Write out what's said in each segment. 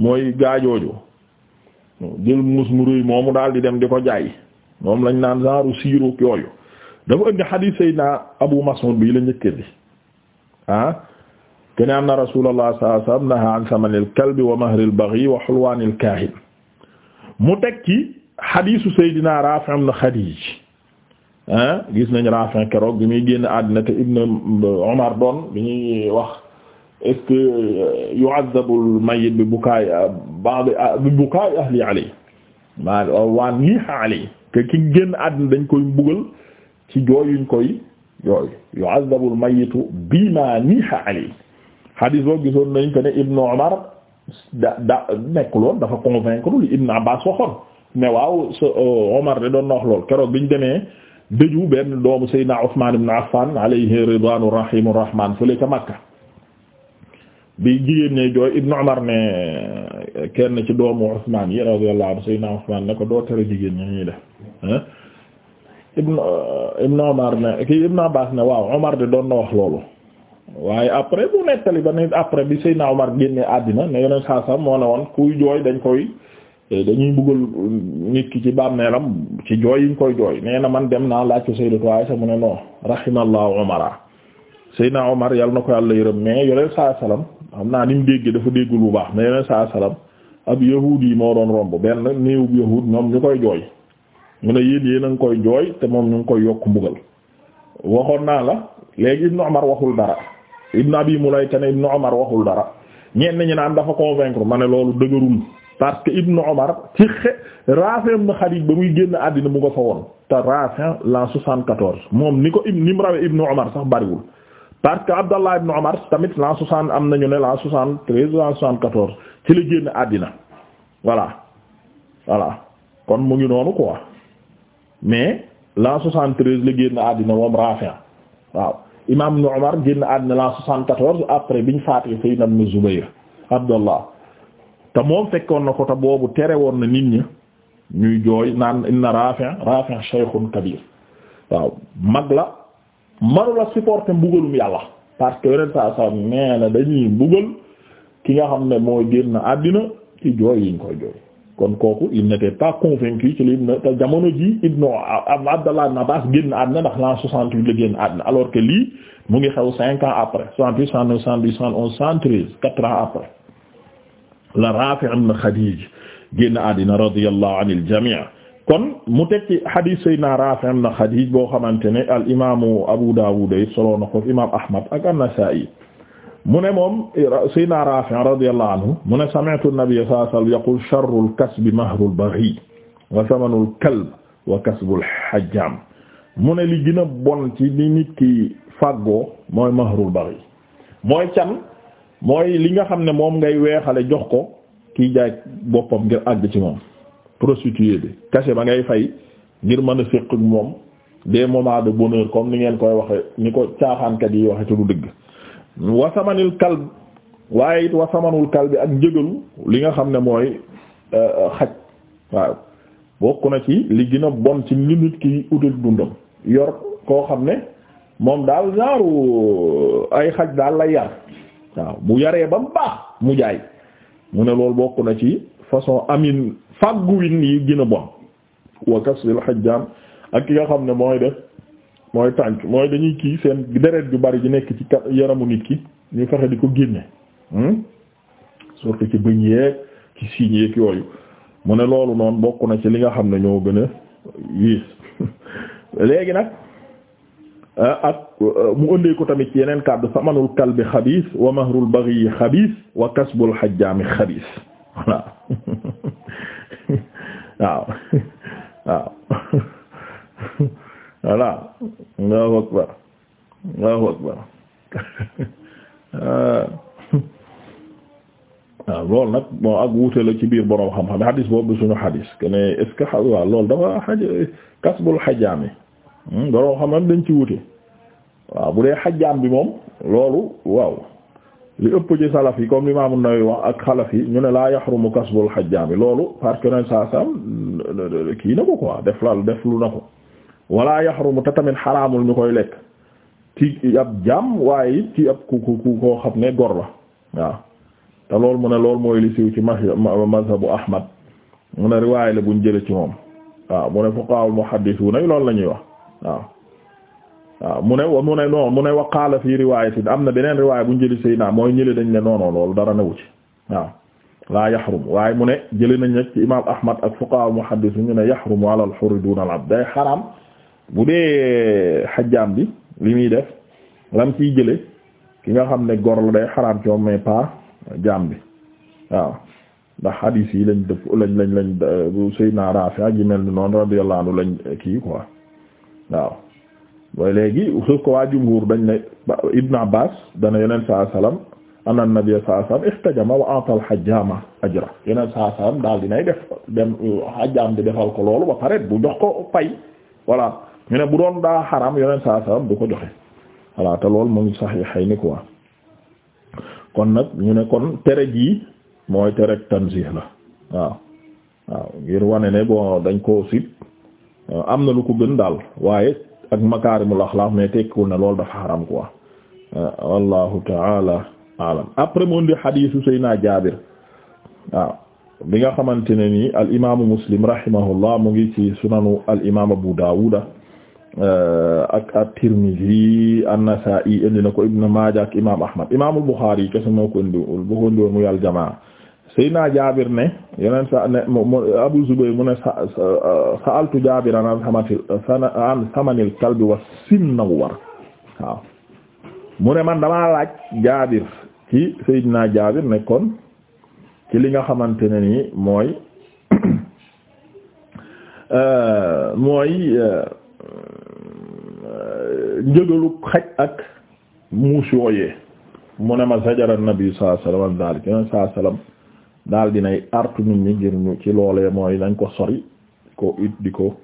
mooy gaajooju jël muus mu rëy moomu daal di dem di ko jaay moom lañ naan genre siiru yooyu dafa indi xadiis Seydina Abu Mas'ud bii la njëkkër di ah kene am na Rasulullah sallallahu alayhi wasallam naha an wa wa hulwanil mu teg ci xadiisu Seydina Rafi' ibn Khadij ah gis nañ Rafi' keroog bi muy génn àddina te Ibn Umar doon bi ñuy wax est-ce que euh, yu'adhabu al-mayyit bi bukaay euh, ba'd euh, bi bukaay ahli alayhi maa waa niiha alayhi que ki génn àddina dañ koy mbugal ci jooyuñ koy yooyu yu'adhabu al-mayyitu bima niiha alayhi hadis boo gisoon nañ ko ne Ibn Umar da da nekkul woon dafa convaincre li Ibn Abbas waxoon ne waaw sa Omar de doon na wax lool keroog biñ demee dëju benn doomu Seydina Ousmane Ibn Affan alayhi ridwaanu rahiimu rahmaan fële ca Makka bi jigéen ñi jooy Ibn Umar ne kenn ci doomu Usmaan yi radiyallahu anhu sayyidina Usmaan ne ko doo tere jigéen ñi ñuy def Ibn euh, Ibn Umar ne kii Ibn Abbas ne waaw Umar de doon na wax loolu waaye après bu nettali ba ne après bi Seydina Umar génnee àddina ne yeneen saa saa moo ne woon kuy jooy dañ koy eh, dañuy buggal nit ki ci bàmmeelam ci jooy yiñ koy jooy nee na man dem naa laaj ko a Aisha mu ne non rahimallahu Umara Seydina Umar yàlla na ko yàlla yërëm mais yeneen saa salaam. xam naa ni mu déggee dafa déggul bu baax mais yeneen saa salaam ab yahuud yi moo doon romb benn néewub yahuud ñoom ñu koy jooy mu ne yéen yéen a ngi koy jooy te moom ñu ngi koy yokk mbugal waxoon naa la léegi Ibnu Umar waxul dara Ibnu Abi Mulayka ne Ibnu Umar waxul dara na ñi naan dafa convaincre ma ne loolu dëgërul parce que Ibnu Umar ci xe Rafi' ibn Khadij ba muy génn àddina mu nga fa woon te Rafi' la 74 moom ni ko ni mu rawee Ibnu Umar sax bariwul. parce que Abdallah ibn Umar tamit l'an soixante am nañu ne l'an soixante treize l'an soixante quatorze ci la génn àddina voilà voilà kon mu ngi noonu quoi mais l'an soixante treize la génn àddina moom Rafi' waaw imam ibn Umar génn àddina l'an soixante quatorze après biñ faatee Sayyid ibn Zubayr Abdallah te moom fekkoon na ko te boobu tere woon na nit ñi ñuy jooy naan inna Rafi' Rafi' shaykhun kabir waaw mag la manula supporter mbugalum yàlla parce que yeneen saa saa nee na dañuy mbugal ki nga xam ne moo génn àddina ci jooy yiñ koy jooy kon kooku il n'était pas convaincu ci li mu ne jamono ji ibnu Abdallah ibn Abbas génn àddina ndax l'an 68 la génn àddina alors que lii mu ngi xew 5 ans après 68 69 70 71 73 4 ans après la Rafi' ibn Khadij génn àddina radiyallahu anil jami' kon mu teg ci hadith Seydina na hadith boo xamante ne al imaamu Abu Daawud yi solo na ko imaam Ahmad ak an-Nasaa'i mu ne moom Seydina Raafi' radiyallahu anhu mu ne sami'tu an-nabiyya sallallahu alayhi wa sallam yaqul sharrul kasbi mahrul baghi wa thamanul kalb wa kasbul hajjaam mu ne li gën bon ci ni nit ki fàggoo mooy mahrul baghi mooy can mooy li nga xam ne moom ngay weexale jox ko kiy jaay boppam ngir àgg ci moom. prostituée bi cachet ba ngay fay ngir mën a féq moom des moments de bonheur comme ni ngeen koy waxe ni ko caaxaankat yi waxe te du dëgg wasamanil kalb waaye it wasamanul kalb bi ak njëgalu li nga xam ne mooy euh, xaj waaw bokk na ci li gën bon ci li nit ki utal dundam yor koo xam ne moom daal genre euh, ay xaj daal lay yar waaw bu yaree ba mu baax mu jaay mu ne loolu bokk na ci façon amin fagguwin yi gën a bon wa kasil xajjaan ak ki nga xam ne mooy def mooy tànc mooy dañuy kii seen deret ju bari ji nekk ci yaramu nit ki ñu fexe di ko génne hmm? surtout ci bëñ yeeg ci siiñ yeeg yooyu mu ne loolu noonu bokk na ci li nga xam ne ñoo gën a yiis léegi nag ah, ak euh, mu ëndee ko tamit yeneen kàddu samanul kalbi xabiis wa mahrul baghi xabiis wa kasbul xajjaami xabiis voilà waaw waaw waaw loolu nag bon ak wuute la ci biir borom xam-xam hadis boobu suñu hadis que ne est-ce waaw loolu dafa xaj kasbul xajaam yi hmm, borom xam-xam dañ ci wuute waaw bu dee xajaam bi moom loolu waaw. li ëpp ci salaf yi comme l'imam an-Nawawi wax ak xalaf yi ñu ne laa yaxrumu kasbul xajjaami loolu parce que ren saa sam kii na ko quoi def lal def lu na ko wala yaxrumu te tamit xaraamul ñu koy lekk ci ab jaam waaye it ci ab ku ku koo xam ne gor la waaw te loolu mu ne loolu mooy li siiw ci mazhabu Ahmad mu ne riwaay la buñ jëlee ci moom waaw mu ne fuqahaa'ul muhaddisuuna loolu la ñuy wax waaw waaw mu ne mu ne non mu ne wa qaala riwaayatin am na beneen riwaaya bu ñu jëli Seydina mooy ñële dañ ne noonoon loolu dara newu ci waaw laa yaxrum waaye mu ne jëli nañ nag ci imaam Ahmad ak fuqaha muhaddis ñu ne yaxrumu ala al bu dee xajjaam def lam ciy jële ki nga xam ne gor day xaraam ci moom bi waaw ndax hadis yi lañ dëpp lañ lañ lañ Seydina Raafi ak ji mel ni noonu radiyallahu lañ kii quoi waaw mooy léegi sauf ko waa jumhur dañ ne Ibn Abbas dana yeneen saa salaam anna nabiyya saa salaam ihtajama wa ata al hajjama ajra yeneen saa salaam daal dinay def dem euh, hajjaam di defal ko loolu ba pare bu jox ko pay voilà ñu ne bu doon daa xaram yeneen saa salaam du ko joxe voilà te loolu mu ngi Sahihayni quoi kon nag ñu ne kon tere jii mooy tere tanzih la waaw waaw ngir wane ne bon dañ koo sib euh, am na lu ko gën daal waaye. ak makaarimul axlaaq mais tekkiwul ne loolu dafa xaram quoi wallahu taala alam après mu indi hadiisu Seydina Jaabir waaw bi nga xamante ne nii al imaamu Muslim rahimahullah mu ngi ci sunanu al imaam Abu Daawuda eh, ak at-Tirmidhi an-Nasaa'i indi na ko Ibn Maaja ak imaam Ahmad imaamul Buxaari kese moo ko indi moo ko indi woon muy al jamaa Seydina Jaabir ne yeneen sa ne Abu Zubayr mu ne sa'altu Jaabiran an samanil kalbi wa sinnahu war waaw mu ne man damaa laaj Jaabir ci Seydina Jaabir ne kon ci li nga xamante ne nii mooy euh, mooy euh, njëgalu xaj ak muus yooyee mu ne ma zajara Nabi sallallahu alayhi daal dinay artu nit ñi ngir ñu ci loolee mooy nañ ko sori ko it di ko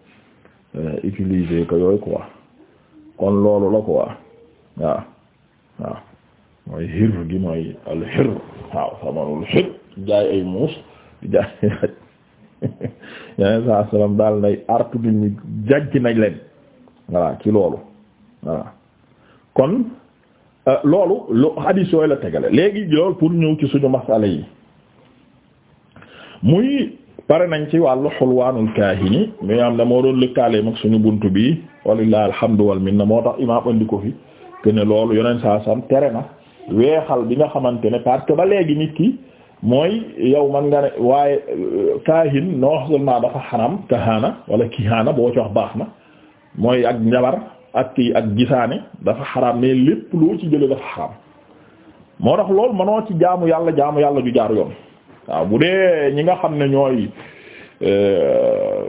euh, utiliser ko yooyu quoi kon loolu la quoi waaw gi mooy al daal nay artu nit ñi ci loolu voilà kon euh, loolu lu hadis yooyu la tegale léegi loolu pour ñëw ci suñu masala yi muy pare nañ ci wàllu xulwaanul kaahini mi am na moo doon lëkkaale mag suñu bunt bi walillahi alhamdu wal na moo tax imaam andi ko fi que loolu yeneen saa sam tere na weexal bi nga xamante ne parce que ba léegi nit ki mooy yow man nga ne waaye euh, kaahin non seulement dafa xaram kahaana wala kihaana boo ci wax baax na mooy ak njabar ak kii ak gisaane dafa xaram mais lépp loo ci jële dafa xaram moo tax loolu mënoo ci jaamu yàlla jaamu yàlla ju jaar yoon waaw bu dee ñi nga xam ne ñooy euh,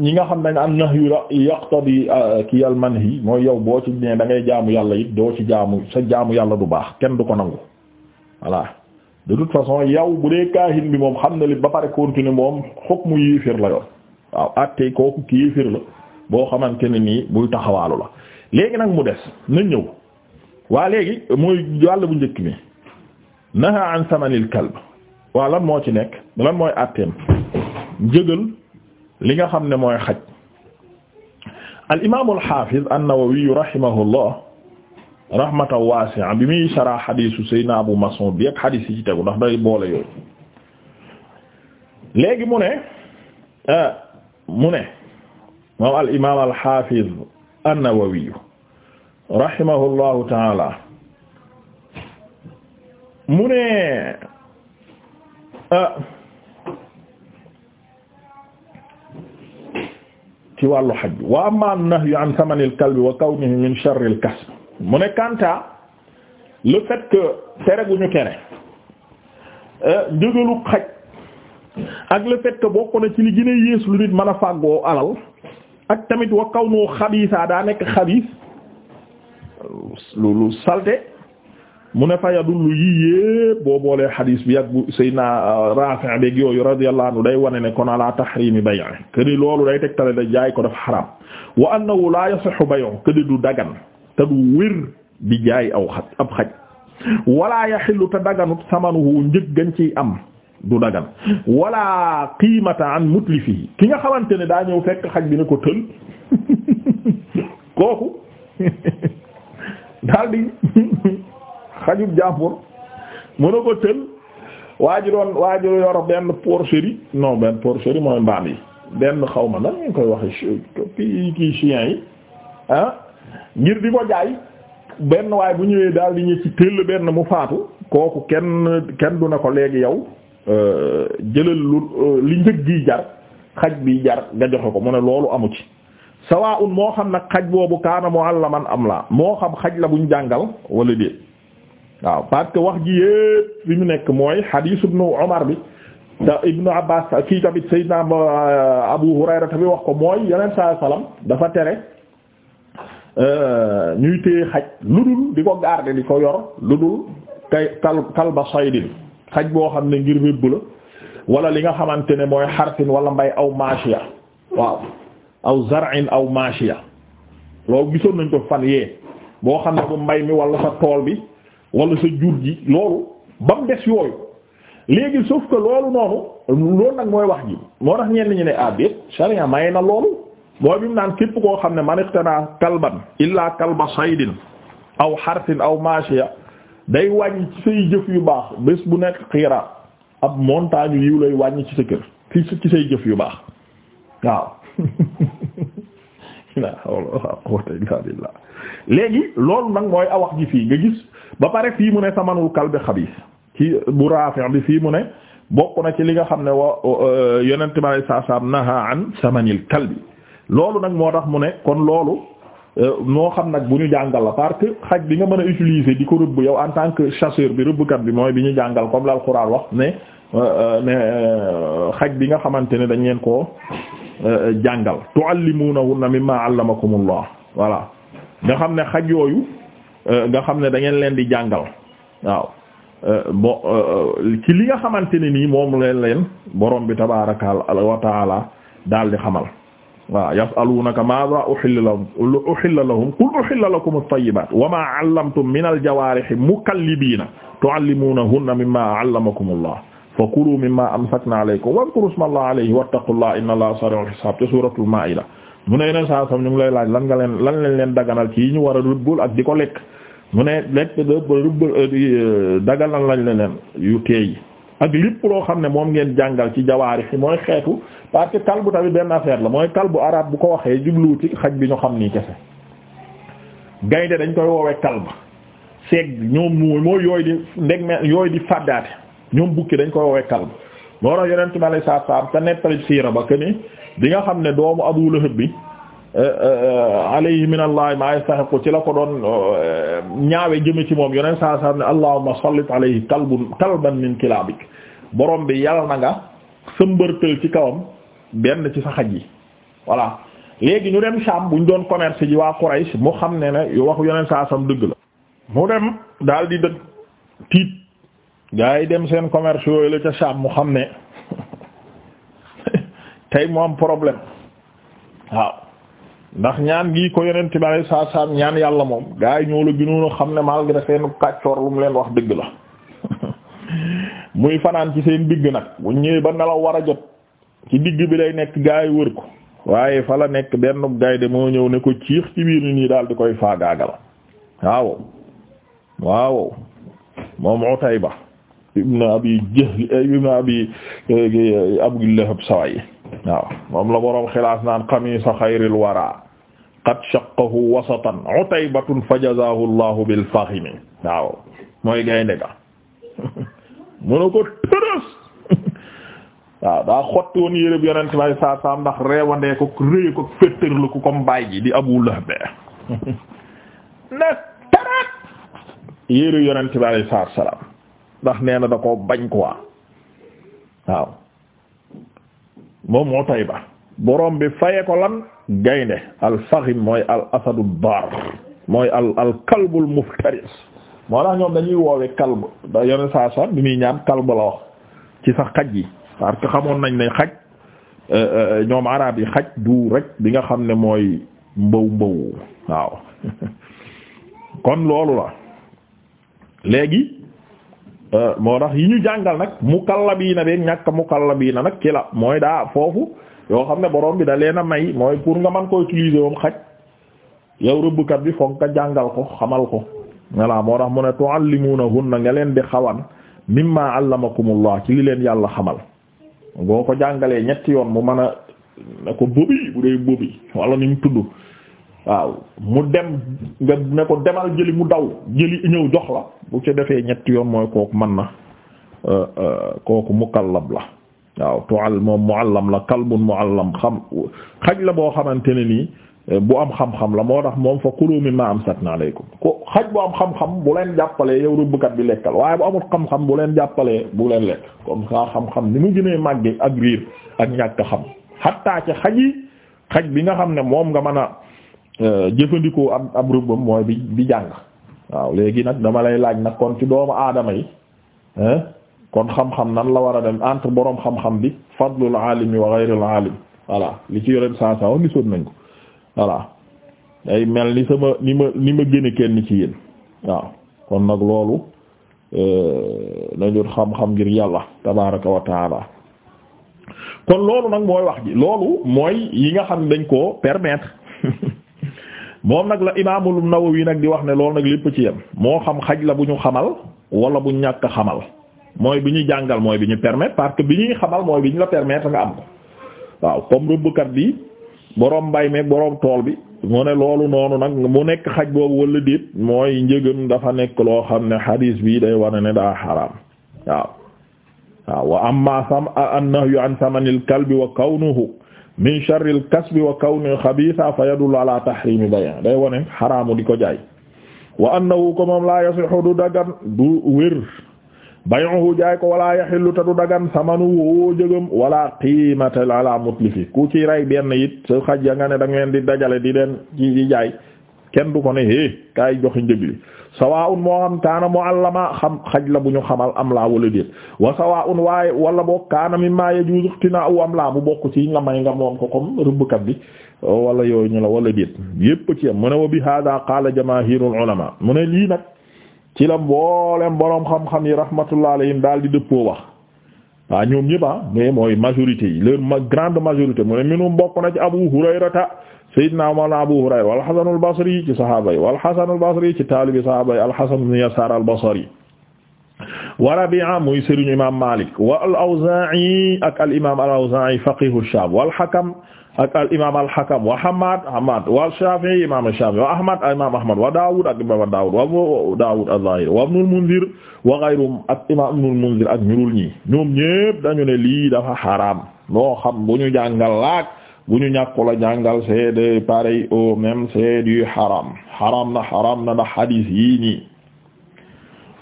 ñi nga xam ne am nahyu la yaqtadi euh, ki al manhi mooy yow boo ci nee da ngay jaamu yàlla it doo ci jaamu sa jaamu yàlla du baax kenn du ko nangu voilà de toute façon yow bu dee kaahin bi moom xam na li ba pare continuer moom hukmu yéefir la yoon waaw attey kooku ki yéefir la boo xamante ne nii buy taxawaalu la léegi nag mu des na ñëw waa léegi mooy yàlla bu njëkk bi naha an samanil kalb waa lan moo ci nekk lan mooy àtteem njëgal li nga xam ne mooy xaj al imaam al xaafiz an-Nawawi rahimahullah rahmatan waasi'a bi muy saraa xadiisu Seydina Abu Mas'ud bi ak xadiis yi ci tegu ndax day boole yooyu léegi mu ne ah, mu ne moom al imaam al xaafiz an-Nawawi rahimahullahu ta'ala mu ne ah, ci wàllu xaj wa amma an-nahyu an thamani al wa kawnihi min sharri al mu ne kanta le fait que tere gu ñu tere eh, njëgalu xaj ak le fait que bokk na ci li gën a yées lu nit mën a fàggoo alal ak tamit wa kawnu xabiisa daa nekk xabiis lu lu salte mu ne fa yadullu yii yépp boo boolee xadiis bi ak bu Seydina euh, Raafi' beeg yooyu radiyallahu anhu day wane ne kon ala tahrimi bay'i këni loolu day tegtale da jaay ko dafa xaram wa annahu la yasihhu bay'u këni du dagan te du wér di jaay aw xaj ab xaj wala ta te daganut samanuhu njëg gañ ciy am du dagan wala qiimata an mutlifihi ki nga xamante ne daa ñëw fekk xaj bi ne ko tël kooku daldi xajub jàmbur mën na ko tël waa ji doon waa ji yor benn porcherie non benn porcherie mooy mbaam yi benn xaw ma nan ngeen koy waxee kii kii chien yi ah ngir di ko jaay benn waaye bu ñëwee daal di ñu ci tëll benn mu faatu kooku kenn du na ko léegi yow euh, jëlal lu euh, li njëg gi jar xaj bi jar nga joxe ko mu ne loolu amu ci sawa un moo xam nag xaj boobu kaana mu'allaman am la moo xam xaj la buñ jàngal wala déet waaw parce que wax ji yépp fi mu nekk mooy hadith ibnu Umar bi te ibnu Abbas kii tamit Seydina Abu Hurayra tamit wax ko mooy yeneen saa salaam dafa tere euh, ñuy téye xaj lu dul di ko garder di ko yor lu dul kay kalba saydin xaj boo xam ne ngir wébb la wala li nga xamante ne mooy xarsin wala mbay aw maashiya waaw aw zar'in aw maashiya loolu gisoon nañ ko fan yee boo xam ne bu mbay mi walla sa tool bi wala sa jur gi loolu ba mu des yooyu léegi sauf que loolu noonu loolu nag mooy wax ji moo tax ñeen ñu ne abit ah sharia may na loolu mooy bi mu naan képp koo xam ne man iqtana kalban illaa kalba saydin aw xarsin aw maashiya day wàññi ci say jëf yu baax bés bu nekk xiiraat ab montagne yiw lay wàññi ci sa kër ci ci say jëf yu baax waaw la hawla quwwata léegi loolu nag mooy a wax fii nga gis ba pare fii mu ne samanul kalbi xabiis ci bu raafi bi fii mu ne bokk na ci li nga xam ne wa euh, yonent bi alayhi salaam naha an samanil kalbi loolu nag moo tax mu ne kon loolu euh, moo xam nag bu ñu jàngal la parce que xaj bi nga mën a utiliser di ko rëbb yow en tant que chasseur bi rëbbkat bi mooy bi ñu jàngal comme l'Alxuraan wax ne euh, ne xaj bi nga xamante ne dañ leen ko Euh, jàngal tuallimuunahunna mimmaa allamakumullah voilà nga xam ne xaj yooyu euh, nga xam ne dangeen ngeen leen di jàngal waaw euh, bon ci li nga xamante ne nii moom leen leen borom bi tabaaraka wa daal di xamal waaw yasaluunaka maadha uhilla lahum uhilla lahum qul uhilla lakum at-tayyibat allamtum min al-jawaarihi mukallibiina tuallimuunahunna mimmaa allamakumullah fa kulu mimma amsakna alaykum wadkuru smallahi alayhi wattaqullaha inna allaha sari'ul hisab te suratul maida mu ne yeneen saa sam ñu ngi lay laaj lan nga leen lan lañ leen daganal ci yi ñu war a rëbbul ak di ko lekk mu ne lekk rëbb euh, daganal lañ leen yu teey ak lépp loo xam ne moom ngeen jàngal ci jawaari fi mooy xeetu parce que kalbu tamit benn affaire la mooy kalbu arab bu ko waxee jublu ci xaj bi ñu xam ni kese gaynde dañ koy woowee kalb yooyu di ñoom bukki dañ koy woowee kalb moo tax yonent bi alayhi salaatu salaam te siira ba këni bi nga xam ne doomu Abu Lahab bi eh, eh, alayhi minallahi ma yastahiqu ci la ko doon eh, ñaawe jëme ci moom yonent saa saa ne allahumma sallit alayhi kalbun kalban min kilaabik borom bi yàlla na nga sëmbërtël ci kawam benn ci sa xaj yi voilà léegi ñu dem Sham buñ doon commerce ji waa Quraysh mu xam ne na waxu yonent saa sam dëgg la mu dem daal di dëgg tiit gaa yi dem seen commerce yooyu la ca Sham mu xam ne tey mu am problème waaw ndax ñaan gi ko yonent bi saa saa ñaan yàlla moom gaa yi ñëw la gënoon a xam ne malgré seen kàccoor lu mu leen wax dëgg la muy fanaan ci seen digg nag bu ñëwee ba nelaw war a jot ci digg bi lay nekk gaa yi wër ko waaye fa la nekk benn gaay de moo ñëw ne ko ciix ci biir nii daal di koy faagaagal waaw waaw moom Utayba ibn abi jahl eh, ibn abi eh, abu lahab saway waaw moom la boroom xilaas naan qamisa xayril wara qad shaqqahu wasatan utaybatun fajazahu allahu bil fakhimi waaw mooy gaynde ga mu ne ko tërës waaw daa xotti woon yërëb yonent may saa saa ndax reewandee ko réy ko féttër la ko comme baay ji di abu lahab ne tërët yërëb yonent may saa salaam ndax nee na da koo bañ quoi waaw moom moo tay ba boroom bi faye ko lan gaynde al faxim mooy al asadu dar mooy al al kalbul muftaris moo tax ñoom dañuy woowe kalb da yone saa saa bi muy ñaan kalb la wax ci sax xaj yi parce xamoon nañ ne xaj euh, euh, ñoom arab yi xaj du rek bi nga xam ne mooy mbaw mbaw waaw kon loolu la léegi Euh, moo tax yi ñu jàngal nag mukallabiina beeg ñàkk mukallabiina nag ci la mooy daa foofu yoo xam ne borom bi da leen a may mooy pour nga mën ko utiliser moom xaj yow rëbbkat bi foog nga jàngal ko xamal ko voilà moo tax mu ne tuallimunahunna nga leen di xawan mimma allamakumullah ci li leen yàlla xamal boo ko jàngalee ñetti yoon mu mën a ne ko bobi bu dee bobi wala ni mu tudd. waaw mu dem nga ne ko demal jëli mu daw jëli ñëw jox la bu ci defee ñetti yoon mooy kooku man na euh, euh, kooku mukallab la waaw tual moom muallam la kalbun muallam xam xaj la boo xamante ne nii euh, bu am xam-xam la moo tax moom fa kulu mimma amsakna alaykum ko xaj bu am xam-xam bu leen jàppalee yow rëbbkat bi lekkal waaye bu amul xam-xam bu leen jàppalee bu leen lekk comme ça xam-xam ni mu gënee màgge ak riir ak ñàkk xam xattaa ci xaj yi xaj bi nga xam ne moom nga mën a Euh, jëfandikoo ab ab rëbbam mooy bi bi jàng waaw léegi nag dama lay laaj nag kon ci doomu aadama yi kon xam-xam nan la war a dem entre boroom xam-xam bi fadlul alimi wa ghayril alim voilà li ci yoreen saa saa gisoon nañ ko voilà day mel ni sama ni ma ni ma gën a kenn ci yéen waaw kon nag loolu euh, nañu xam-xam ngir yàlla tabaraka wa kon loolu nag mooy wax ji loolu mooy yi nga xam ne dañ koo permettre moom nag la imaamul Nawawi nag di wax ne loolu nag lépp ci yem moo xam xaj la bu ñu xamal wala bu ñàkk xamal mooy bi ñu jàngal mooy bi ñu permettre parce bi ñuy xamal mooy bi ñu la permettre nga am ko waaw comme rëbbkat bi boroom mbay meeg boroom tool bi mu ne loolu noonu nag mu nekk xaj boobu wala déet mooy njëgam dafa nekk loo xam ne xadiis bi day wane ne daa xaraam waaw waaw wa amma sam annahyu an samanil kalbi wa kawnuhu min sharril kasbi wa kawni xabiisa fa yadullu ala tahrimi bay' day wone xaraamu di ko jaay wa annahu ko moom laa yasihu du dagan du wér bay'uhu jaay ko wala yahillu ta du dagan samanu woo jëgam wala qiimata ala mutlifi ku ci rey benn it sa xaj ya nga ne da ngeen di dajale di leen ci jaay kenn du ko ne hé kaay joxi njëg li sawaa'un moo xam kaana mu'allama xam xaj la bu ñu xamal am laa wala déet wa sawaa'un waaye wala boog kaana mimmaa yajuuzu iqtinaa'u am laa bu bokk ci nga may nga moom ko comme rëbbkat bi wala yooyu ñu la wala déet yépp ci am mu ne wa bi haadaa qaala jamaahirul ulamaa mu ne lii nag ci la mboolem boroom xam-xam yi rahmatullah alayhim daal di dëppoo wax waaw ñoom ñëpp a ah, mais mooy majorité yi leur grande majorité mu ne minum bokk na ci Abu Hurayrata Seydina Mawlana Abu Hurayra wal Hasan al Basri ci saxaaba yi wal Hasan al Basri ci taalibi saxaaba yi al Hasan ibn Yasaar al Basri wa Rabi'a muy sëriñu imaam Maalik wa al Awzaa'i ak al imaam al Awzaa'i faqihu Shaam wal Hakam ak al imaam al Hakam wa Hammaad Hammaad wal Shaafi'i imaam al Shaafi'i wa Ahmad imaam Ahmad wa Daawuud ak imaam Daawuud wa Abu Daawuud az-Zaahiri wa Ibnul Munzir wa ghayruhum ak imaam Ibnul Munzir ak ñurul ñi ñoom ñépp dañu ne lii dafa xaraam moo xam bu ñu jàngal laak bu ñu ñàkkula jàngal c'est pareil au même c'est du haram haram na haram na ndax hadis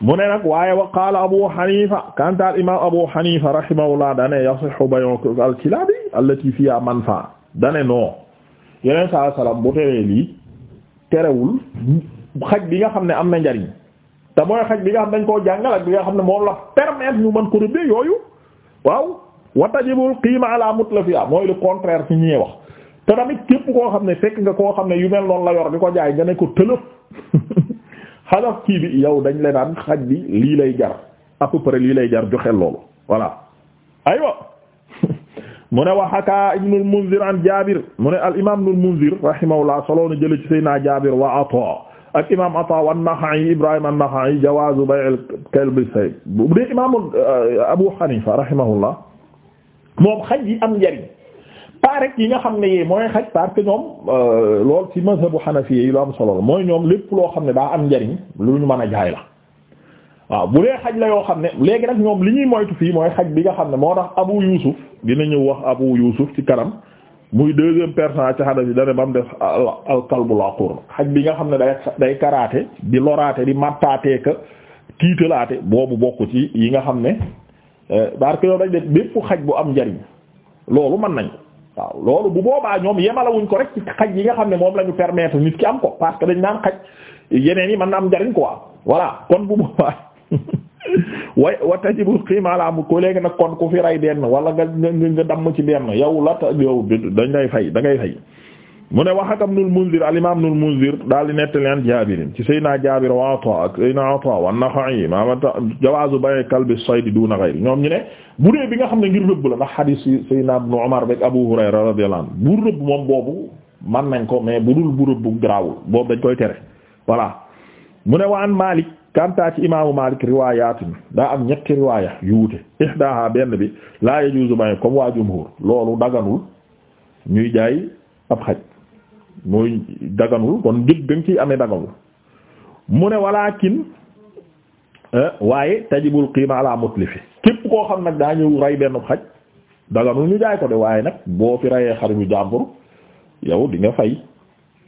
mu ne nag waaye wa qaala abu hanifa kanta al imam abu hanifa rahimahullah dane yasihu bay'u al kilabi allati fiha manfa dane non yeneen saa salaam bu teree lii terewul xaj bi nga xam ne am na njariñ te mooy xaj bi nga xam dañ koo jàngal bi nga xam ne moola la ñu mën ko rëbbee yooyu waaw wa tajibul qiima ala mutlafiha mooy le contraire ci wax te tamit képp koo xam ne fekk nga koo xam ne yu mel noonu la yor ko jaay nga ne ko tëlëf xalaf kii bi yow dañ le naan xaj bi lii lay jar à peu près lay jar joxel loolu voilà aywa mu ne waxakaa ibnul munzir an jaabir mu ne al imam ibnul munzir rahimahullah soloo na jële ci sayna jaabir wa ata ak imam ata wa an-naxa'i ibrahim an-naxa'i jawaazu bay'il kalbi sayb bu dee imam euh, abu hanifa moom xaj yi am njariñ pas yi nga xam ne yee mooy xaj parce que ñoom euh, lool ci mazhabu hanafi yi lu am solo la mooy ñoom lépp loo xam ne daa am njariñ lu ñu mën a jaay la waaw bu dee xaj la yoo xam ne léegi nag ñoom li ñuy moytu fii mooy xaj bi nga xam ne moo tax abu yusuf dina ñëw wax abu yusuf ci kanam muy deuxième personne ci hanafi dana ba mu def al kalbul aqur xaj bi nga xam ne day karaate di loraate di mattaatee ka tiitalaate boobu bokk ci yi nga xam ne barke yow dañ de bépp xaj bu am njariñ loolu mën nañ waaw loolu bu boobaa ñoom yemalawuñ ko rek ci xaj yi nga xam ne moom lañu ñu permettre nit ki am ko parce que dañ naan xaj yeneen yi man na am njariñ quoi voilà kon bu boobaa way wa tajibul xiima la am ko léegi nag kon ku fi rey benn wala nga nga damm ci benn yow la ak yow dañ lay fay da ngay fay mu ne wax ak Ibnul Munzir al-imaam Ibnul Munzir daal di nettali an Jaabir ci Seydina Jaabir wa Ataa ak Seydina Ataa wa Naxa'i ma jawaazu bay'i kalbi sayd duuna ghayri ñoom ñu ne bu dee bi nga xam ne ngir rëbb la ndax hadiis Seydina Ibnu Umar beeg Abu Hurayra radiyallahu anhu bu rëbb moom boobu man nañ ko mais bu dul bu rëbb garaawul boobu dañ koy tere voilà mu ne wa an Maalik kantaa ci imaamu Maalik riwaayaatin daa am ñetti riwaaya yu wuute ihdaahaa benn bi laa yajuuzu bay'u waa jumhuur loolu daganul ñuy jaay mooy daganul kon njëg dañ ciy amee daganul mu ne walaakin eh, waaye tajibul qiima ala mutlifi képp koo xam nag daa ñëw rey benn xaj daganul ñu jaay ko de waaye nag boo fi reyee xar ñu jàmbur yow di nga fay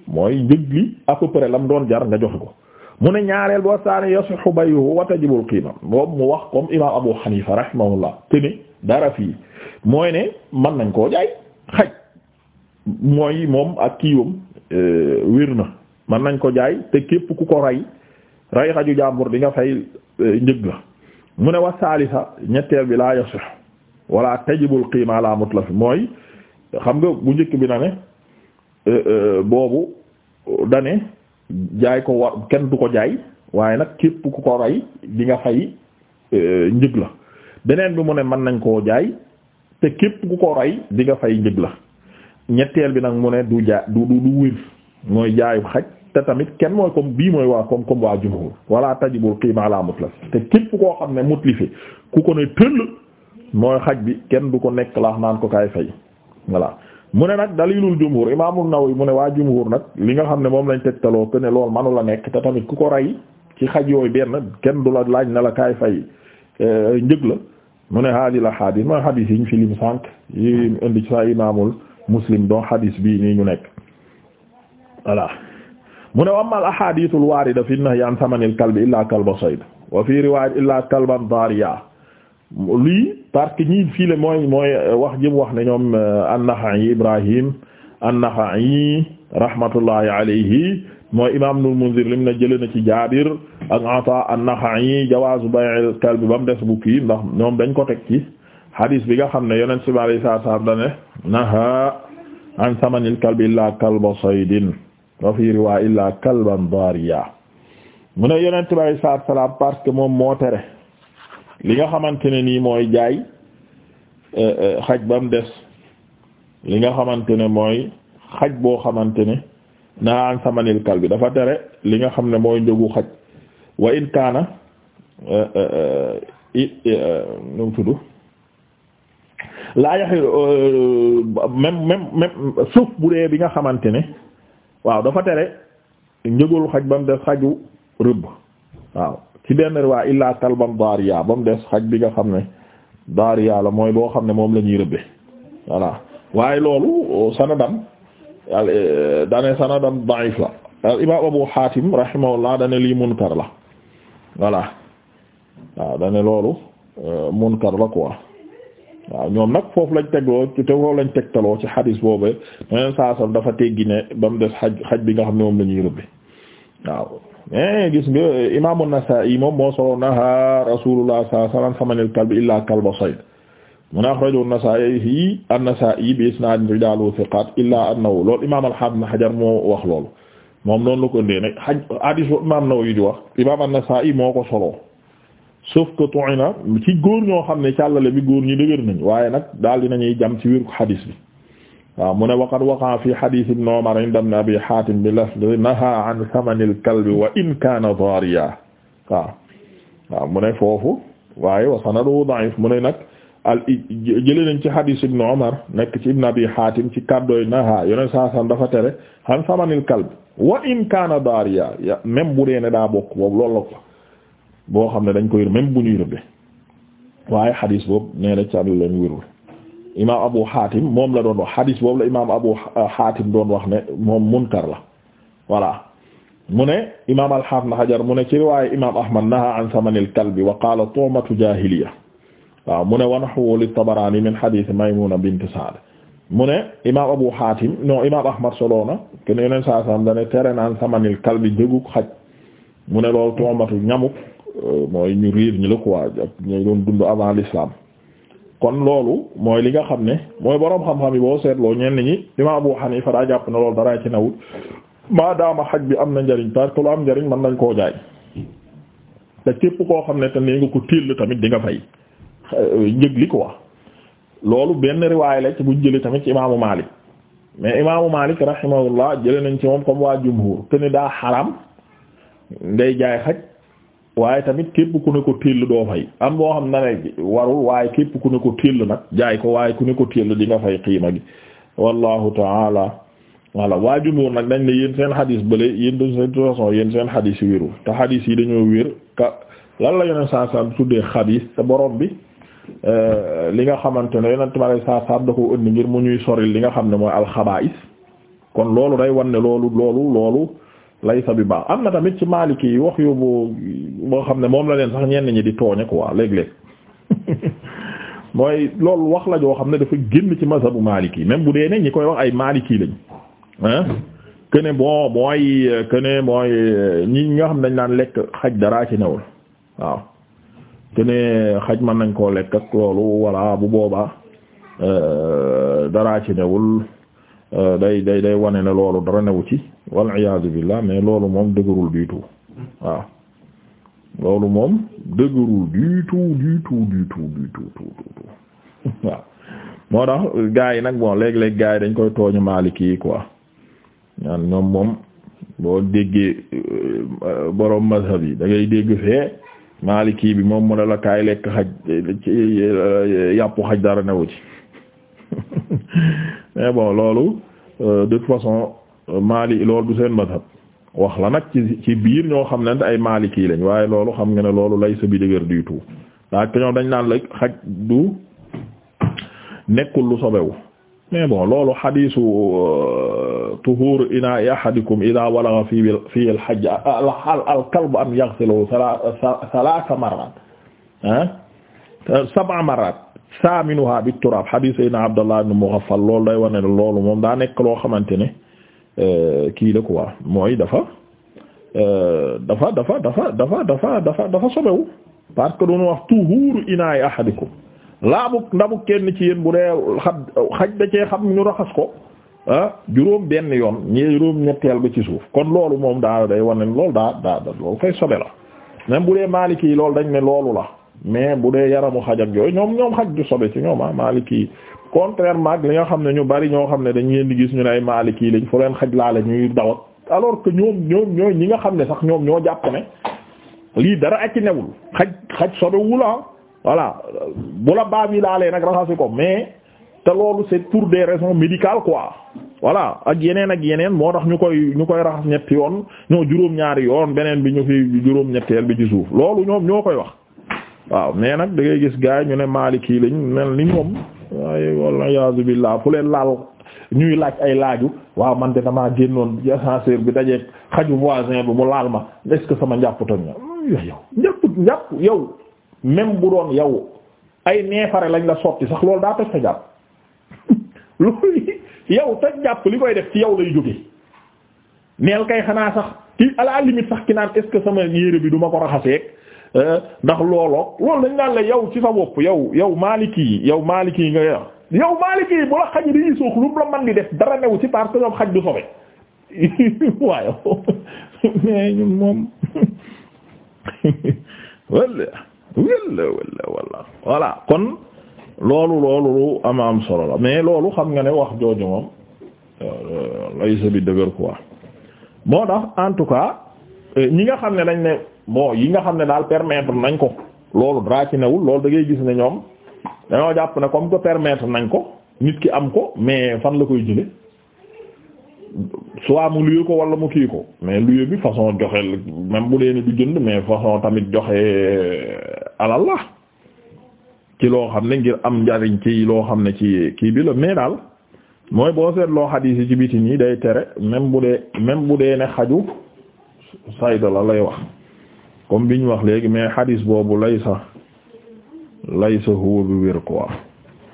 mooy njëg li à peu près lam doon jar nga joxe ko mu ne ñaareel boo saani yasihu bayuhu wa tajibul qiima moom mu wax comme imaam Abu Hanifa rahimahullah te ni dara fii mooy ne mën nañ koo jaay xaj mooy moom ak kiiwam euh, wér na mën nañ ko jaay te képp ku ko rey rey xaju jàmbur di nga fay euh, njëg la mu ne wa salisa ñetteel bi laa yasih wala tajibul qiima mooy xam nga njëkk bi na euh, boobu dane jaay ko du ko jaay waaye nag képp ko rey di nga fay njëg la beneen bi mu ne mën nañ koo jaay te képp ku ko rey di nga njëg la ñetteel bi nag mu ne du jaa du du wér mooy jaayub xaj te tamit kenn mooy comme bii mooy waa comme comme waa jumhur wala tajibul qiima ala mutlaf te képp koo xam ne mutlifi ku ko ne tëll mooy xaj bi kenn du ko nekk laax naan ko kaay fay voilà mu ne nag dalilul jumhur imaamul yi mu ne waa jumhur nag li nga xam ne moom lañ tegtaloo que ne lool manu la nekk te tamit ku ko rey ci xaj yooyu benn kenn du la laaj na la kaay fay euh, njëg la mu ne haadi la haadis mooy hadis yiñ fi lim sànq yi indi ci sa imaamul muslim don xadis bi nii ñu nekk voilà mu ne amma al ahadith al warida fi nahyi an thamani al kalbi illa kalba sayd wa fi riwayat illa kalban dariya lii park que ñii fii la mooy mooy euh, wax jëm wax ne ñoom euh, an yi Ibrahim an yi rahmatullahi alayhi mooy imam Ibnul Munzir lim na jëlee na ci Jaabir ak Ata an-Naxa'i jawaazu bay'il kalbi ba mu des bu kii ndax ñoom dañ ko teg ci hadis bi nga xam ne Yonent sallallahu alayhi wa sallam da naha an samanil kalbi illaa kalba saydin wa fi riwaa illaa kalban daariya mu ne yonent bi alayhi salaatu parce que moom moo tere li nga xamante ne nii mooy jaay eh, eh, xaj bam mu des li nga xamante ne mooy xaj boo xamante ne naa an samanil kalbi dafa tere li nga xam ne mooy njëgu xaj wa in kaana eh, nu laa yaxi euh, même même même suuf bu dee bi nga xamante ne waaw dafa tere njëgul xaj ba mu des xaju rëbb waaw ci benn riwaa illaa kalban daariya ba mu des xaj bi nga xam ne daariya la mooy boo xam ne moom la ñuy rëbbe voilà waaye loolu sanadam euh, dane sanadam da'if la al imaam abu hatim rahimahullah dane lii munkar la voilà waaw dane loolu euh, munkar la quoi waaw ñoom nag foofu lañ tegloo te foofu lañ tegtaloo ci xadis boobu yeneen saasam dafa teggi ne ba mu des xaj xaj bi nga xam ne moom la ñuy rëbbe waaw mais gis nga moom moo solo naha rasulullah sallallahu alayhi wasallam samanil kalbi illaa kalba sayd mun axrajahu Nasaa'i an-Nasaa'i bi isnaadin rijaaluhu thiqaat illaa annahu loolu imaam al-Haafiz Hajar moo wax loolu moom noonu la ko indee nag xaj xadis boobu imaam yi di wax imaam an moo ko solo. sauf que na ci góor ñoo xam ne càllale bi góor ñi dëgër nañ waaye nag daal dinañuy jam ci wér xadis bi waaw mu ne waqad waqa fi hadith ibn Umar inda ibn Abi Hatim bi an thamani al wa in kana dariya waaw waaw ne foofu waaye wa sanaduhu da'if mu ne nag al jële nañ ci hadith ibn Umar nekk ci ibn Abi Hatim ci kaddoy naha yone saasan dafa tere an thamani al-kalb wa in kana dariya même bu dee ne daa bokk boobu loolu la boo xam ne dañ koy même bu ñuy rëbbee waaye xadis boobu nee na leen wérul imaam Abu Hatim moom la doon wax xadis boobu la imaam Abu Hatim doon wax ne moom munkar la voilà mu ne imaam al-Hafiz Hajar mu ne ci riwaaye imaam Ahmad naha an samanil kalbi wa qaala tu'matu jaahiliya waaw mu ne wa nahwu li Tabarani min xadis Maymuna bint Sa'd mu ne imaam Abu Hatim non imaam Ahmad solo na kenn yeneen saa saam dane tere naan samanil kalbi njëgu mu ne loolu tu'matu ñamuk Euh, mooy ñu réer ñi la quoi ñu doon dund avant l'islam kon loolu mooy li nga xam ne mooy boroom xam-xam yi boo seetloo ñenn ñi imam Abu Hanifa daa jàpp na loolu daraa ci nawul maadaama xaj bi am na njariñ parce que lu am njariñ mën nañ koo jaay te képp koo xam ne te nee nga ko téll tamit di nga fay euh, njëg li quoi loolu benn riwaay la ci buñ jëlee tamit ci imaamu Malik mais imaamu Malik rahimahullah jëlee nañ ci moom comme waa jumhur te ni daa waaye tamit képp ku ne ko téll doo fay am boo xam na ne warul waaye képp ku ne ko téll nag jaay ko waaye ku ne ko téll di nga fay xiima gi wallahu taala voilà waa jumóor nag dañ ne yéen seen xadis bële yéen de toute façon yéen seen xadis yi wérul te xadis yi dañoo wér ka lan la yoneen saa saam tuddee xabis te borom bi euh, li nga xamante ne yonent ma lay saa da ko ëndi ngir mu ñuy soril li nga xam ne mooy alxabaa'is kon loolu day wan ne loolu loolu loolu laysa bi baax am na tamit ci Maliki yi wax yoobu boo xam ne moom la leen sax ñenn ñi di tooñe quoi léeg-léeg mooy loolu wax la joo xam ne dafa génn ci mazhabu Maliki yi même bu dee ne ñi koy wax ay Maliki lañ ah que ne bon mooy que ne mooy ñi nga xam ne dañ naan lekk xaj daraa ci newul waaw que xaj mën nañ koo lekk ak loolu voilà bu boobaa euh, daraa ci newul. Euh, day day day wane na loolu dara newu ci wal iyaazu billah mais loolu moom dëgërul du tout waaw loolu moom dëgërul du tout du tout du tout du tout tout waaw moo tax gaa yi nag bon léeg-léeg gaa yi dañ koy tooñu Maliki yi quoi ñaan ñoom moom boo déggee euh, boroom mazhab yi dangay ngay dégg fee Maliki bi moom mu ne la kaay lekk xaj yàppu xaj dara newu ci Eh, bon loolu euh, de toute façon euh, Maali loolu du seen madhab wax la nag ci ci biir ñoo xam ne ay Maliki lañ waaye loolu xam nga ne loolu lay sa bi dëgër du tout daak ñoo dañ naan la xaj du nekkul lu sobewu loolu xadiisu euh, tuhuru inaa'i ahadikum idaa walagha fii fii al-hajj al-kalbu an yaghsilahu salaasa marraat ah eh? sab'a marraat saaminuha bi turaab hadith sayyidina Abdullah ibn Mughaffal loolu day wane ne loolu moom daa nekk loo xamante ne euh, kii la quoi mooy dafa euh, dafa dafa dafa dafa dafa dafa dafa sobewu parce que doonu wax tuhuuru inaay ahadikum laabu ndabu kenn ci yéen bu dee xam xaj da cee xam ñu raxas ko ah juróom benn yoon ñee juróom ñetteel ba ci suuf kon loolu moom daa day wane ne loolu daa daa loolu koy sobe la même bu dee maaliki yi loolu dañ ne loolu la mais bu dee yaramu xaj ak yooyu ñoom ñoom xaj du sobe ci ñoom ah Maliki yi contrairement ak li nga xam ne ñu bari ñoo xam ne dañu leen di gis ñu ne ay Maliki yi lañ fu leen xaj laa ñuy dawat alors que ñoom ñoom ñi nga xam ne sax ñoom ñoo jàpp ne lii dara ak ci newul xaj xaj sobewul ah voilà bu la baab yi laalee nag raxasi ko mais te loolu c'est pour des raisons médicales quoi voilà ak yeneen ak yeneen moo tax ñu koy ñu koy raxas ñetti yoon ñoo juróom-ñaari yoon beneen bi ñu fi juróom-ñetteel bi ci suuf loolu ñoom ñoo koy wax. waaw mais nag da gis gaay ñu ne maali kii lañ mel ni ñoom waaye walla yaazu billah fu leen laal ñuy laaj ay laaju waaw man de damaa génnoon ascenseur bi dajeeg xaju voisin bi mu laal ma est-ce que sama njàpp toj na yow njàpp njàpp même bu yow ay neefare lañ la sotti sax loolu daa toj sa jàpp li koy def ci yow lay jóge neel kay xanaa sax ki à la limite sax ki naan est-ce que sama yére bi duma ko raxaseek Eh, ndax looloo loolu dañ naan la yow ci sa wopp yow yow maaliki yi yow maaliki yi nga yow maaliki yi bu la xaj di suux lu la man di def dara new ci parce que ñoom xaj du sobe waaye mais ñun moom walla walla walla walla voilà kon loolu loolu lu am am solo la mais loolu xam nga ne wax jooju moom euh, lay sa bi dëgër quoi moo tax en tout cas euh, ñi nga xam ne dañ ne bo yi nga xam ne daal permettre nañ ko loolu dara ci newul loolu da gis ne ñoom dañoo jàpp na comme que permettre nañ ko nit ki am ko mais fan la koy jële soit mu luye ko wala mu kii ko mais luye bi façon joxe même bu dee ni mais façon tamit joxe euh, alal la loo xam ne ngir am njariñ ci loo xam ne ci kii bi la mais daal mooy boo seet loo yi ci biti nii day tere même bu dee même bu dee ne xaju sayda la lay wax comme biñ wax léegi mais hadis boobu laysa laysa huwa bi wér quoi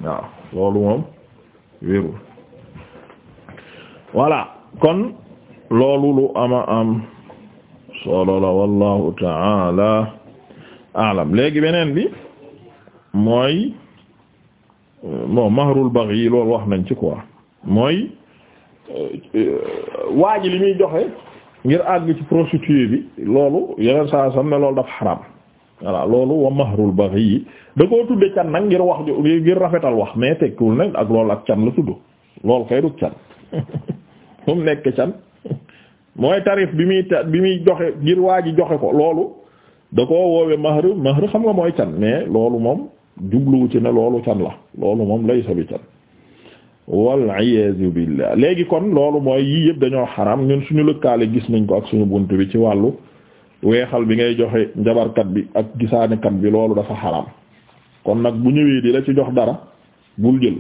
waaw loolu moom wérul voilà kon loolu lu ama am solola la wallahu taala alam léegi beneen bi mooy bon mahrul baghi yi wax nañ ci quoi mooy euh, euh, waaji li muy joxe ngir àgg ci prostituée bi loolu yeneen saa sam ne loolu dafa xaram voilà loolu wa mahrul baghi yi da koo tudde can nag ngir wax ngir rafetal wax mais tekkiwul nag ak lool ak can la tudd loolu kay du can mu nekk can mooy tarif bi muy ta bi muy joxe ngir waa ji joxe ko loolu da koo woowee mahr mahr xam nga mooy can mais loolu moom jubluwu ci ne loolu can la loolu moom lay sa can wal iyaazu billah léegi kon loolu mooy yii yëpp dañoo xaram ñun suñu lëkkaale gis nañ ko ak suñu bunt bi ci wàllu weexal bi ngay joxe njabarkat bi ak gisaanekat bi loolu dafa xaram kon nag bu ñëwee di la ci jox dara bul jël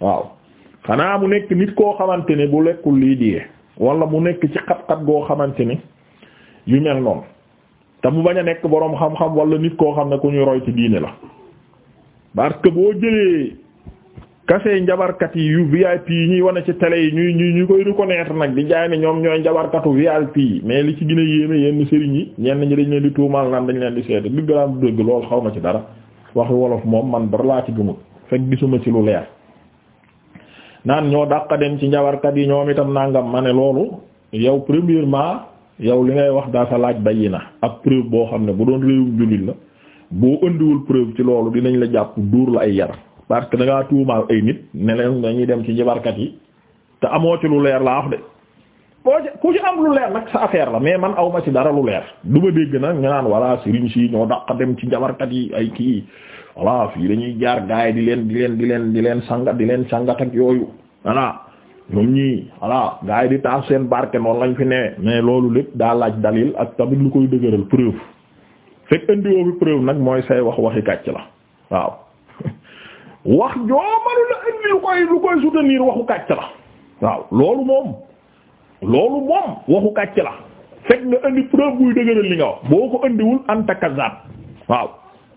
waaw xanaa mu nekk nit koo xamante ne bu lekkul lii diyee wala mu nekk ci xat-xat goo xamante ni yu mel noonu te mu bañ a nekk boroom xam-xam wala nit koo xam ne ku ñu roy ci diine la parce boo jëlee kase njabarkat yi yu VIP yi ñuy wane ci télé yi ñuy ñu ñu koy reconnaître nag di jaay ne ñoom ñooy njabarkatu VIP yi mais li ci gën a yéeme yenn sëriñ yi ñenn ñi dañ leen di tuumaal naan dañ leen di seede dëgg laa du dëgg lool xaw ma ci dara waxi wolof moom man dara laa ci gëmul fekk gisuma ci lu leer naan ñoo dàq dem ci njabarkat yi ñoom itam nangam ma ne loolu yow premièrement yow li ngay wax daa sa laaj bayi na ak preuve boo xam ne bu doon réewum la boo ëndiwul preuve ci loolu dinañ la jàpp duur la ay yar parce que da tuumaal ay nit ne leen dañuy dem ci njabarkat yi te amoo ci lu leer laa wax de boo ku ci am lu leer nag sa affaire la mais man aw ci dara lu leer du ma dégg nag ñu naan voilà sëriñ si ñoo daq dem ci njabarkat yi ay kii voilà fii dañuy jaar gaay di leen di leen di leen di leen sangat di leen sangat ak yooyu voilà ñoom ñii voilà gaay di taas seen barke noonu lañ fi ne mais loolu lépp daa laaj dalil ak tamit lu koy dëgëral preuve fekk indi bi nag mooy say wax waxi kàcc la waaw. wax joo la indi koy lu koy soutenir waxu kàcc la waaw loolu moom loolu moom waxu kàcc la fekk nga indi preuve buy dëgëral li nga wax boo ko indiwul anta kazab waaw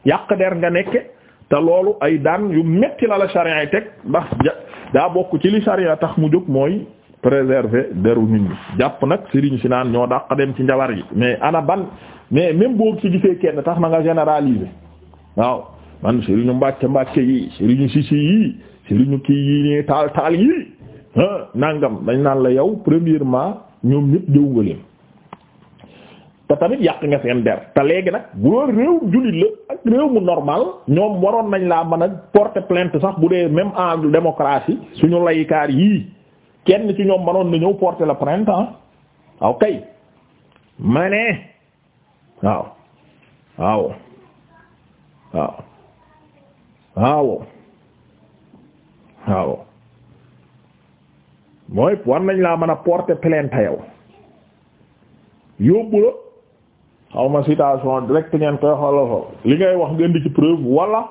yàq der nga nekke te loolu ay daan yu metti la la sharia yi teg ndax daa bokk ci li a tax mu jóg mooy préserver deru nit ñi jàpp nag sëriñ si naan ñoo daq dem ci njabar yi mais ana ban mais même boobu ci gisee kenn tax na nga généraliser waaw man sëriñu mbàkke mbàkke yi sëriñu si yi sëriñu kii yi nii taal taal yi nangam dañ naan la yow premièrement ñoom ñëpp jëw te tamit yàq nga seen der te léegi nag bu doon réew jullit la ak réew mu normal ñoom waroon nañ laa mën a porter plainte sax bu dee même en démocratie suñu kaar yii kenn ci ñoom mënoon na ñëw porter la plainte ah ok ma ne waaw waaw waaw waaw waaw mooy war nañ laa mën a porter plainte yow yóbbu la xaw ma citation direct ngeen koy xoolal li ngay wax nga indi preuve wala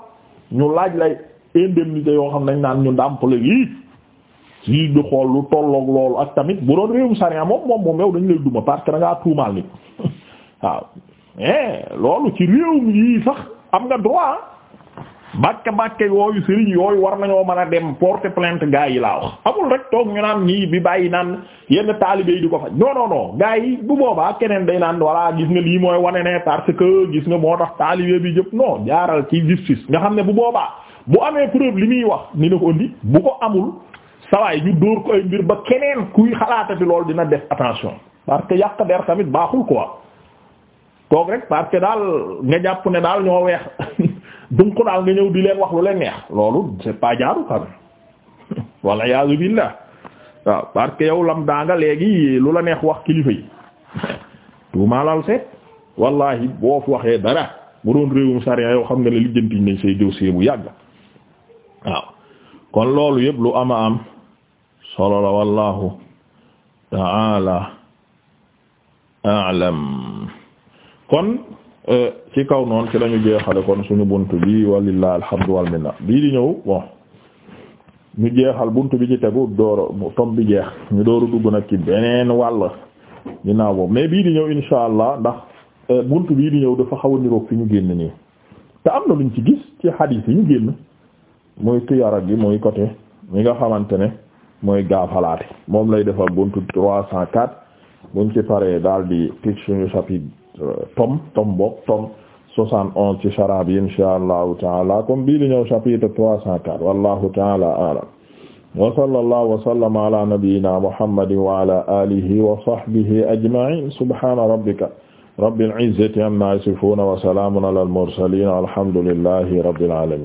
ñu laaj lay indemnité yoo xam nañ naan ñu ndàmpale lii si du xool lu tolloog loolu ak tamit bu doon réewum sariya moom moom moom yow dañu lay duma parce que da ngaa tuumaal nit waaw eh loolu ci réewum yii sax am nga droit. bàkke bàkke yooyu sëriñ yooyu war nañoo man a dem porter plainte gaa yi laa wax amul rek toog ñu naan ñii bi bàyyi naan yenn taalibe yi di ko faj non non gaa yi bu boobaa keneen day naan voilà gis nga lii mooy wane ne parce que gis nga moo tax taalibe bi jëpp non jaaral ci justice nga xam ne bu boobaa bu amee preuve li muy wax ni ne ko indi bu ko amul sawaay ñu dóor ko ay mbir ba keneen kuy xalaatati loolu dina def attention parce que yàq der tamit baaxul quoi toog rek jàpp ne daal ñoo weex dunqulaal nga ñëw di leen wax lu leen neex loolu c'est pas jaaru xam wala yaazu billah waaw parce que yow lam daa nga lu la neex wax kilifa yi tuumaalal seet wallahi boo fi waxee dara bu doon réewum sariya yow xam nga ne lijjantiñ nañ say dossier bu yàgg waaw kon loolu yëpp lu ama am solo la wallahu a'lam kon Euh, ci kaw noonu ci lañu jeexale kon suñu bunt bi walilah alhamdu wal minna bii di ñëw bon ñu jeexal bunt bi ci tegu door tom bi jeex ñu dooru dugg nag ci beneen wàll ginnaaw boobu mais bii di ñëw insha allah ndax euh, bunt bii di ñëw dafa xaw a niroog fi ñu génn nii te am na luñ ci gis ci xadiis fi ñu génn muy tuyara gi muy côté mi nga xamante ne mooy gaafalaate moom lay defal bunt trois cent quatre buñ ci paree daal di tic suñu chapitre Euh, tom tom bokk tom soixante onze ci sharab yi insha allahu taala comme bii li ñëw chapitre trois cent quatre wallahu taala a'lam wa sallallahu wa sallama ala nabiyyina muhammadin wa ala alihi wa sahbihi ajma'in subhana rabbika rabbil izzati amma yasifun wa salamun ala al mursalin alhamdulillahi rabbil alamin